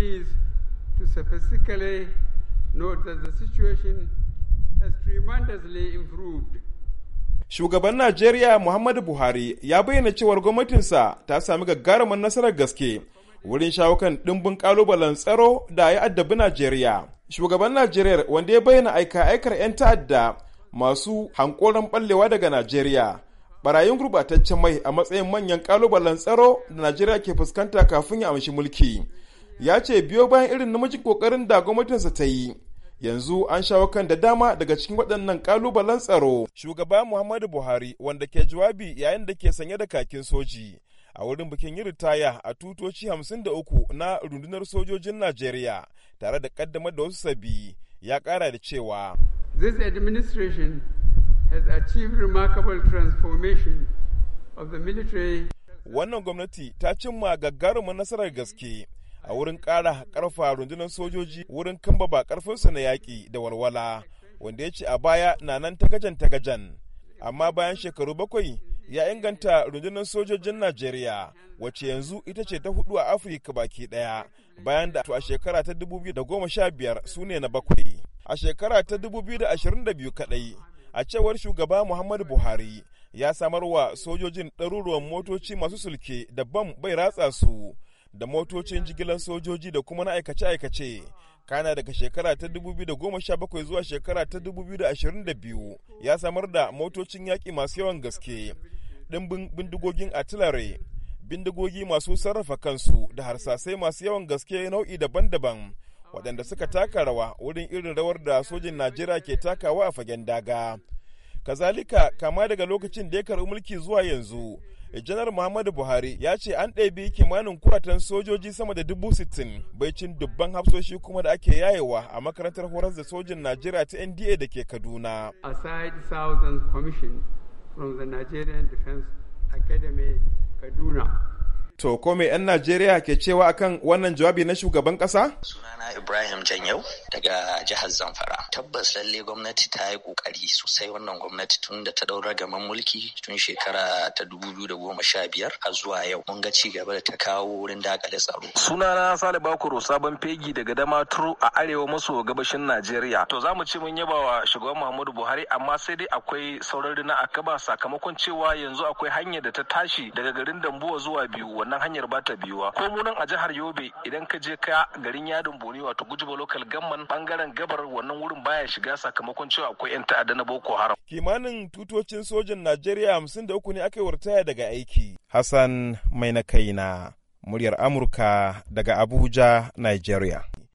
studies to specifically note that the situation has tremendously improved. Shugaban Najeriya Muhammadu Buhari ya bayyana cewar gwamnatinsa ta sami gagarumin nasarar gaske wurin shawo kan dimbin ƙalubalen tsaro da ya addabi Najeriya. Shugaban Najeriya wanda ya bayyana aika aikar 'yan ta'adda masu hankoron ɓallewa daga Najeriya. Barayin gurbataccen mai a matsayin manyan ƙalubalen tsaro da Najeriya ke fuskanta kafin ya amshi mulki. ya ce biyo bayan irin namijin kokarin da gwamnatinsa ta yi yanzu an shawo kan da dama daga cikin waɗannan ƙalubalen tsaro. Shugaba Muhammadu Buhari wanda ke jawabi yayin da ke sanye da kakin soji a wurin bikin yin ritaya a tutoci 53 na rundunar sojojin Najeriya tare da kaddamar da wasu sabi ya ƙara da cewa. This administration has achieved remarkable transformation of the military. Wannan gwamnati ta cimma gagarumin nasarar gaske. a wurin ƙara ƙarfa rundunar sojoji wurin ba ƙarfinsu na yaƙi da walwala wanda ya ce a baya na nan tagajan tagajan amma bayan shekaru bakwai ya inganta rundunar sojojin najeriya wace yanzu ita ce ta hudu a afirka baki ɗaya bayan da a shekara ta 2015 su ne na bakwai a shekara ta 2022 kadai a cewar shugaba muhammadu buhari ya samar wa sojojin ɗaruruwan motoci masu sulke da bam bai ratsa su da motocin jigilar sojoji da kuma na aikace-aikace kana daga shekara ta 2017 zuwa shekara ta 2022 ya samar da motocin yaƙi masu yawan gaske ɗimbin bindigogin artillery bindigogi masu sarrafa kansu da harsasai masu yawan gaske nau'i daban-daban waɗanda suka taka rawa wurin irin rawar da sojin najeriya ke takawa a fagen daga kazalika kama daga lokacin da ya karɓi mulki zuwa yanzu janar muhammadu buhari ya ce an ɗabi kimanin kuratan sojoji sama da dubu sittin baicin dubban hafsoshi kuma da ake yayewa a makarantar horar da sojin najeriya ta nda da ke kaduna aside To ko me 'yan Najeriya ke cewa akan wannan jawabi na shugaban ƙasa? Sunana Ibrahim Janyau daga jihar Zamfara. Tabbas lalle gwamnati ta yi kokari sosai wannan gwamnati tun da ta daura gaman mulki tun shekara ta biyar har zuwa yau. Mun ga ci gaba da ta kawo wurin dakale tsaro. Sunana Sale Bakuro sabon fegi daga Damaturu a arewa maso gabashin Najeriya. To za mu ce mun yaba wa shugaban Muhammadu Buhari amma sai dai akwai saurari na akaba sakamakon cewa yanzu akwai hanyar da ta tashi daga garin Dambuwa zuwa biyu wannan hanyar ba ta biyuwa ko mu nan a jihar yobe idan ka je ka garin yadin boni wato gujiba local gamman bangaren gabar wannan wurin baya shiga sakamakon cewa akwai yan ta'adda na boko haram kimanin tutocin sojin najeriya hamsin da uku ne aka wartaya daga aiki hassan mai na kaina muryar amurka daga abuja nigeria